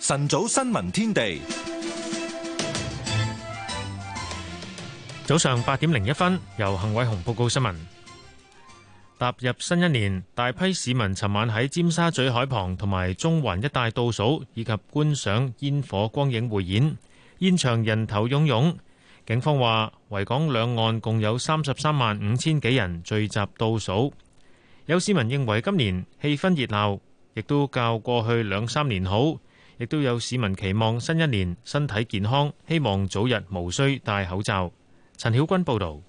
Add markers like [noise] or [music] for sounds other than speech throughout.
晨早新聞天地，早上八點零一分，由幸偉雄報告新聞。踏入新一年，大批市民尋晚喺尖沙咀海旁同埋中環一帶倒數以及觀賞煙火光影匯演，現場人頭湧湧。警方話，維港兩岸共有三十三萬五千幾人聚集倒數。有市民認為今年氣氛熱鬧，亦都較過去兩三年好。亦都有市民期望新一年身體健康，希望早日無需戴口罩。陳曉君報道。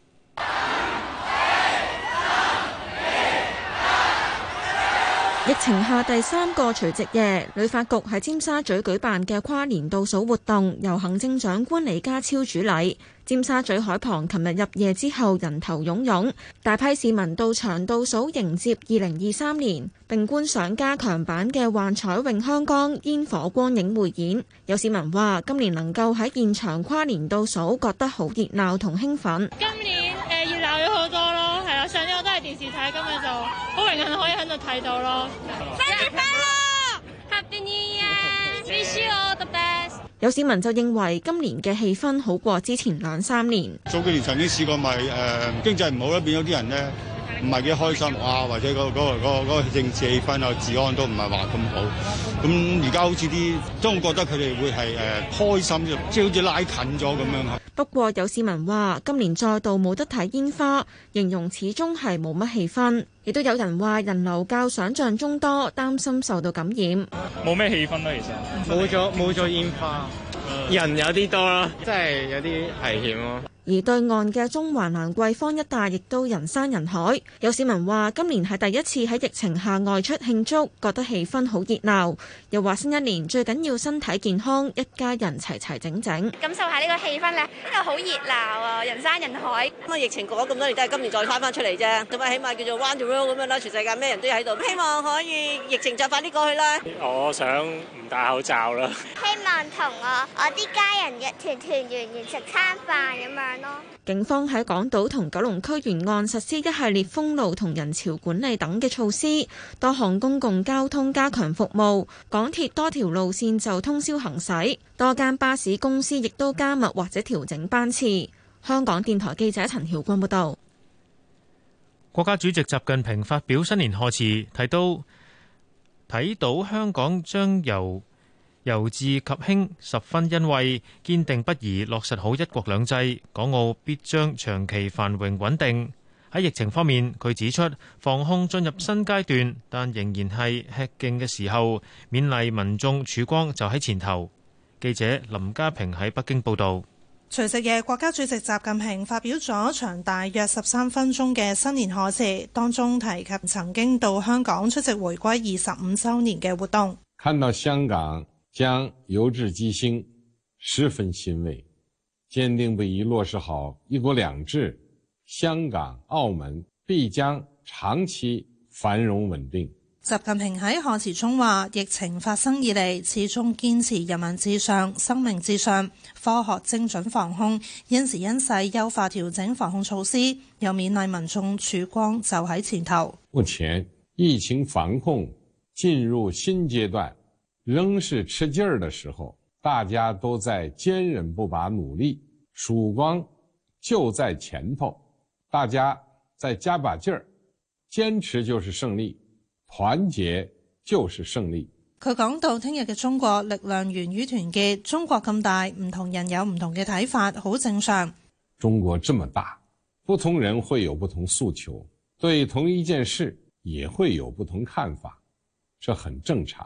疫情下第三個除夕夜，旅發局喺尖沙咀舉辦嘅跨年倒數活動由行政長官李家超主禮。尖沙咀海旁，琴日入夜之後人頭湧湧，大批市民到場倒數迎接二零二三年，並觀賞加強版嘅幻彩詠香江煙火光影匯演。有市民話今年能夠喺現場跨年倒數覺得好熱鬧同興奮，今年誒熱鬧咗好多。電視睇今日就好榮幸可以喺度睇到咯！生日快樂，Happy New Year，Be sure of the best。有市民就認為今年嘅氣氛好過之前兩三年。年的三年早幾年曾經試過咪誒、呃、經濟唔好咧，變咗啲人咧唔係幾開心啊，或者嗰、嗰個嗰、嗰個嗰個政治氣氛啊、治安都唔係話咁好。咁而家好似啲，都覺覺得佢哋會係、呃、開心，即、就、係、是、好似拉近咗咁樣。不過有市民話：今年再度冇得睇煙花，形容始終係冇乜氣氛。亦都有人話人流較想像中多，擔心受到感染。冇咩氣氛啦、啊，其實冇咗冇咗煙花，人有啲多啦，真係有啲危險咯、啊。而對岸嘅中環蘭桂坊一帶亦都人山人海，有市民話：今年係第一次喺疫情下外出慶祝，覺得氣氛好熱鬧。又話新一年最緊要身體健康，一家人齊齊整整，感受下呢個氣氛咧，真係好熱鬧啊，人山人海。咁啊，疫情過咗咁多年，都係今年再翻翻出嚟啫。咁啊，起碼叫做彎咗咯，咁樣啦，全世界咩人都喺度，希望可以疫情再快啲過去啦。我想唔戴口罩啦。希望同我我啲家人一團團圓圓食餐飯咁樣。警方喺港島同九龍區沿岸實施一系列封路同人潮管理等嘅措施，多項公共交通加強服務，港鐵多條路綫就通宵行駛，多間巴士公司亦都加密或者調整班次。香港電台記者陳曉君報道。國家主席習近平發表新年賀詞，提到睇到香港將由。由至及興，十分欣慰，堅定不移落實好一國兩制，港澳必將長期繁榮穩定。喺疫情方面，佢指出防控進入新階段，但仍然係吃勁嘅時候，勉勵民眾曙光就喺前頭。記者林家平喺北京報導。除夕夜，國家主席習近平發表咗長大約十三分鐘嘅新年賀詞，當中提及曾經到香港出席回歸二十五週年嘅活動，看到香港。將由治及興，十分欣慰。堅定不移落實好“一國兩制”，香港、澳門必將長期繁榮穩定。習近平喺賀詞中話：疫情發生以嚟，始終堅持人民至上、生命至上，科學精準防控，因時因勢優化調整防控措施，又勉勵民眾曙光就喺前頭。目前疫情防控進入新階段。仍是吃勁兒的時候，大家都在堅韌不拔努力，曙光就在前頭，大家再加把勁兒，堅持就是勝利，團結就是勝利。他講到聽日嘅中國力量源於團結，中國咁大，唔同人有唔同嘅睇法，好正常。中國這麼大，不同人會有不同訴求，對同一件事也會有不同看法，這很正常。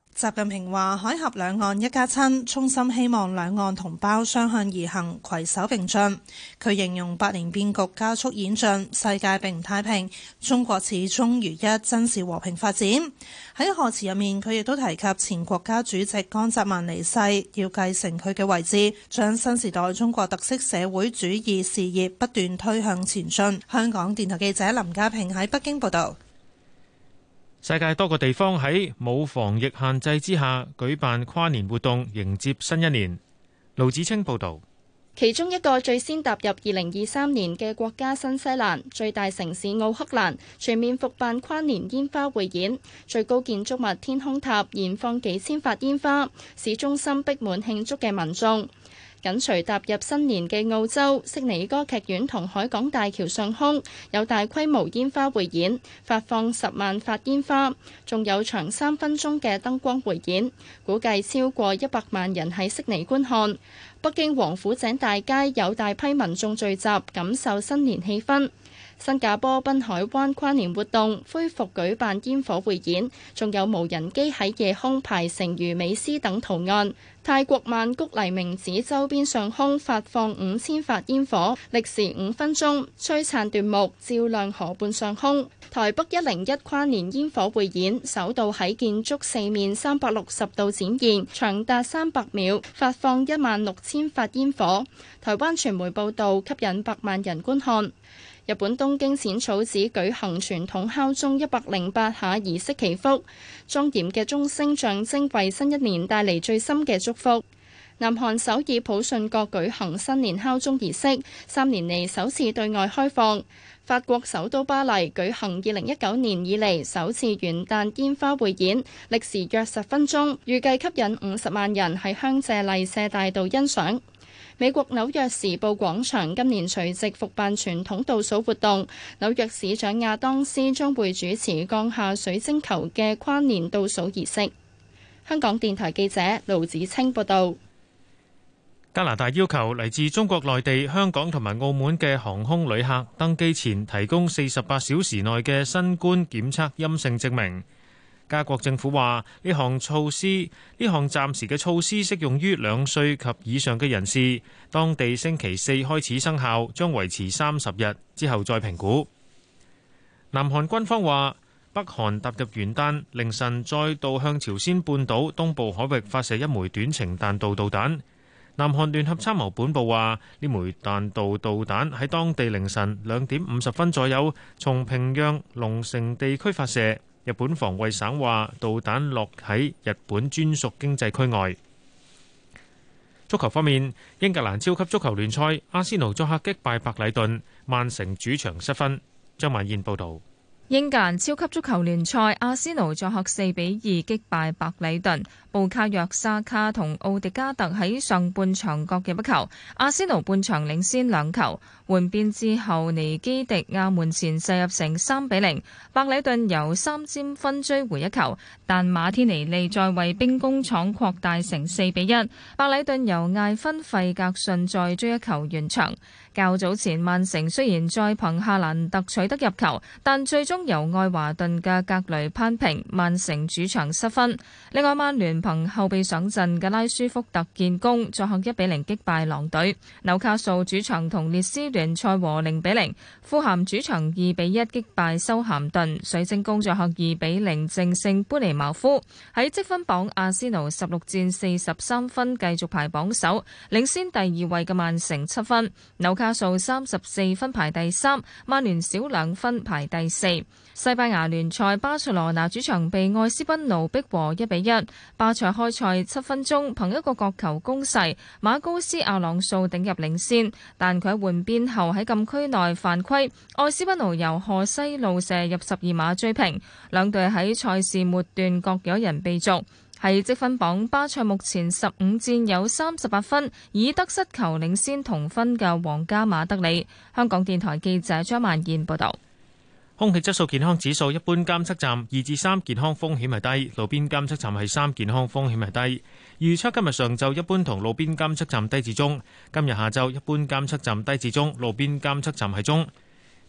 習近平話：海峽兩岸一家親，衷心希望兩岸同胞相向而行，攜手並進。佢形容百年變局加速演進，世界並唔太平，中國始終如一，堅持和平發展。喺賀詞入面，佢亦都提及前國家主席江澤民離世，要繼承佢嘅位置，將新時代中國特色社會主義事業不斷推向前進。香港電台記者林家平喺北京報道。世界多個地方喺冇防疫限制之下舉辦跨年活動迎接新一年。盧子清報道，其中一個最先踏入二零二三年嘅國家，新西蘭最大城市奧克蘭全面復辦跨年煙花匯演，最高建築物天空塔燃放幾千發煙花，市中心逼滿慶祝嘅民眾。緊隨踏入新年嘅澳洲，悉尼歌劇院同海港大橋上空有大規模煙花匯演，發放十萬發煙花，仲有長三分鐘嘅燈光匯演，估計超過一百萬人喺悉尼觀看。北京王府井大街有大批民眾聚集，感受新年氣氛。新加坡濱海灣跨年活動恢復舉辦煙火匯演，仲有無人機喺夜空排成魚尾獅等圖案。泰國曼谷黎明寺周邊上空發放五千發煙火，歷時五分鐘，璀璨奪目，照亮河畔上空。台北一零一跨年煙火匯演首度喺建築四面三百六十度展現，長達三百秒，發放一萬六千發煙火。台灣傳媒報導，吸引百萬人觀看。日本東京淺草寺舉行傳統敲鐘一百零八下儀式祈福，莊嚴嘅鐘聲象徵為新一年帶嚟最深嘅祝福。南韓首爾普信閣舉行新年敲鐘儀式，三年嚟首次對外開放。法國首都巴黎舉行二零一九年以嚟首次元旦煙花匯演，歷時約十分鐘，預計吸引五十萬人喺香榭麗舍大道欣賞。美國紐約時報廣場今年隨即復辦傳統倒數活動，紐約市長亞當斯將會主持降下水晶球嘅跨年倒數儀式。香港電台記者盧子清報道。加拿大要求嚟自中國內地、香港同埋澳門嘅航空旅客登機前提供四十八小時內嘅新冠檢測陰性證明。加國政府話：呢項措施，呢項暫時嘅措施適用於兩歲及以上嘅人士。當地星期四開始生效，將維持三十日之後再評估。南韓軍方話，北韓踏入元旦凌晨再度向朝鮮半島東部海域發射一枚短程彈道導彈。南韓聯合參謀本部話，呢枚彈道導彈喺當地凌晨兩點五十分左右從平壤龍城地區發射。日本防衛省話導彈落喺日本專屬經濟區外。足球方面，英格蘭超級足球聯賽，阿仙奴作客擊敗白禮頓，曼城主場失分。張曼燕報道。英格蘭超級足球聯賽，阿仙奴作客四比二擊敗百里頓，布卡約沙卡同奧迪加特喺上半場各入一球，阿仙奴半場領先兩球，換邊之後尼基迪亞門前射入成三比零，百里頓由三尖分追回一球，但馬天尼利再為兵工廠擴大成四比一，百里頓由艾芬費格遜再追一球完場。較早前曼城雖然再憑夏蘭特取得入球，但最終由愛華頓嘅格雷攀平，曼城主場失分。另外曼聯憑後備上陣嘅拉舒福特建功，作客1比0擊敗狼隊。紐卡素主場同列斯聯賽和0比0，富咸主場2比1擊敗修咸頓，水晶宮作客2比0淨勝布尼茅夫。喺積分榜，阿仙奴十六戰四十三分，繼續排榜首，領先第二位嘅曼城七分。紐加數三十四分排第三，曼聯少兩分排第四。西班牙聯賽巴塞羅那主場被愛斯賓奴逼和一比一。巴塞開賽七分鐘憑一個角球攻勢，馬高斯阿朗素頂入領先，但佢喺換邊後喺禁區內犯規，愛斯賓奴由河西路射入十二碼追平。兩隊喺賽事末段各有人被逐。喺積分榜，巴塞目前十五戰有三十八分，以得失球領先同分嘅皇家馬德里。香港電台記者張曼燕報道。空氣質素健康指數一般監測站二至三健康風險係低，路邊監測站係三健康風險係低。預測今日上晝一般同路邊監測站低至中，今日下晝一般監測站低至中，路邊監測站係中。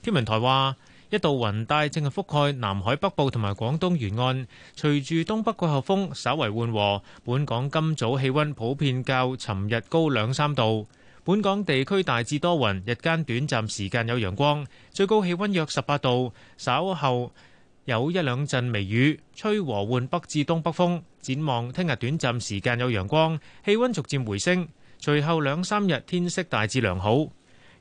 天文台話。一道雲帶正係覆蓋南海北部同埋廣東沿岸，隨住東北季候風稍為緩和，本港今早氣温普遍較尋日高兩三度。本港地區大致多雲，日間短暫時間有陽光，最高氣温約十八度。稍後有一兩陣微雨，吹和緩北至東北風。展望聽日短暫時間有陽光，氣温逐漸回升。隨後兩三日天色大致良好。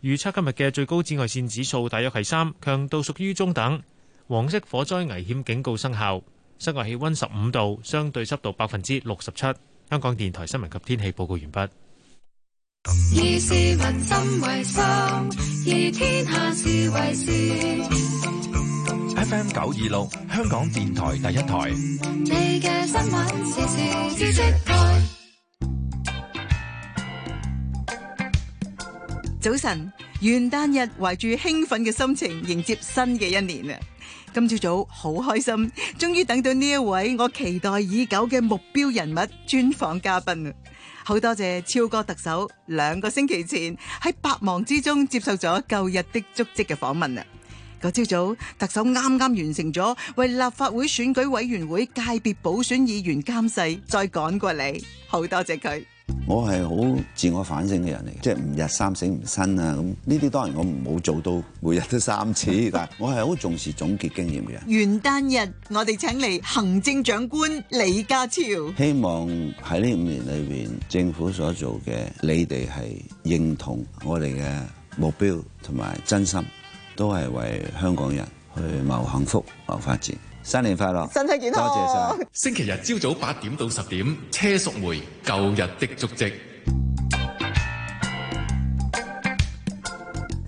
預測今日嘅最高紫外線指數大約係三，強度屬於中等，黃色火災危險警告生效。室外氣温十五度，相對濕度百分之六十七。香港電台新聞及天氣報告完畢。以市民心為心，以天下事為先，F M 九二六，香港電台第一台。你嘅新聞時時知直播。早晨，元旦日懷住興奮嘅心情迎接新嘅一年啊！今朝早好開心，終於等到呢一位我期待已久嘅目標人物專訪嘉賓啊！好多謝超哥特首，兩個星期前喺百忙之中接受咗舊日的足跡嘅訪問啊！個朝早，特首啱啱完成咗為立法會選舉委員會界別補選議員監誓，再趕過嚟，好多謝佢。我係好自我反省嘅人嚟，即係吾日三省吾身啊！咁呢啲當然我冇做到，每日都三次，但係我係好重視總結經驗嘅。元旦日，我哋請嚟行政長官李家超。希望喺呢五年裏邊，政府所做嘅，你哋係認同我哋嘅目標同埋真心。都係為香港人去謀幸福、謀發展。新年快樂，身體健康。多謝晒。星期日朝早八點到十點，車淑梅，舊日的足跡。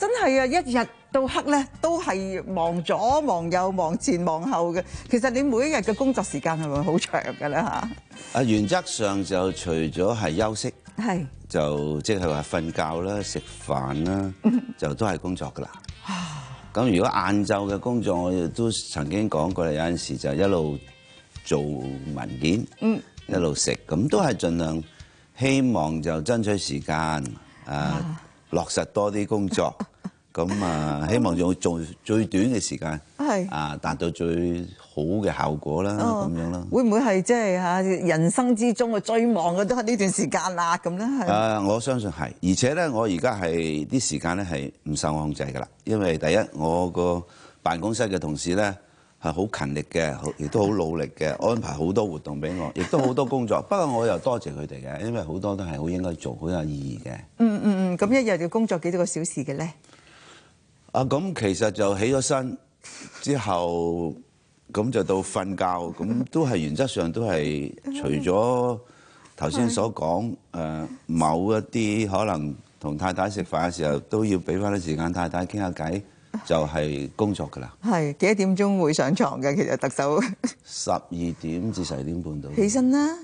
真係啊！一日到黑咧，都係忙左忙右、忙前忙後嘅。其實你每一日嘅工作時間係咪好長㗎咧？嚇！啊，原則上就除咗係休息，係就即係話瞓覺啦、食飯啦，就都係工作㗎啦。咁如果晏晝嘅工作，我亦都曾經講過，有陣時就一路做文件，嗯，一路食，咁都係盡量希望就爭取時間，啊，落實多啲工作。咁啊！希望用最最短嘅時間是啊，達到最好嘅效果啦，咁、哦、樣啦。會唔會係即係嚇人生之中嘅最忙嘅都係呢段時間啦？咁咧係。誒、啊，我相信係，而且咧，我而家係啲時間咧係唔受我控制嘅啦。因為第一，我個辦公室嘅同事咧係好勤力嘅，亦都好努力嘅，很力的是安排好多活動俾我，亦都好多工作。 [laughs] 不過我又多謝佢哋嘅，因為好多都係好應該做、好有意義嘅、嗯。嗯嗯嗯，咁一日要工作幾多個小時嘅咧？啊，咁其實就起咗身之後，咁就到瞓覺，咁都係原則上都係，除咗頭先所講，誒係嘅、呃、某一啲可能同太太食飯嘅時候，都要俾翻啲時間太太傾下偈，就係、係、工作㗎啦。係幾多點鐘會上床嘅？其實特首十二點至十二點半到。起身啦！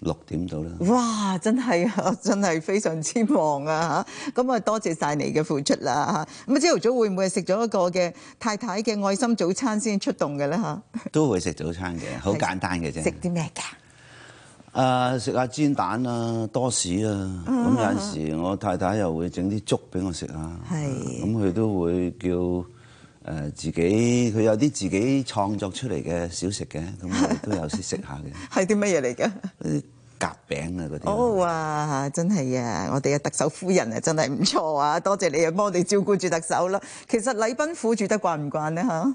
六點到啦！哇，真係啊，真係非常之忙啊嚇！咁啊，多謝晒你嘅付出啦嚇！咁朝頭早會唔會食咗一個嘅太太嘅愛心早餐先出動嘅咧嚇？都會食早餐嘅，好簡單嘅啫。食啲咩㗎？誒，食、啊、下煎蛋啦、啊，多士啊。咁、嗯、有陣時，我太太又會整啲粥俾我食啊。係是。咁佢、啊、都會叫誒自己，佢有啲自己創作出嚟嘅小食嘅，咁我都有先食下嘅。係啲乜嘢嚟㗎？夾餅啊嗰啲，哦、oh，哇，真係啊！我哋嘅特首夫人啊，真係唔錯啊！多謝你啊，幫我哋照顧住特首啦。其實禮賓府住得慣唔慣呢？吓？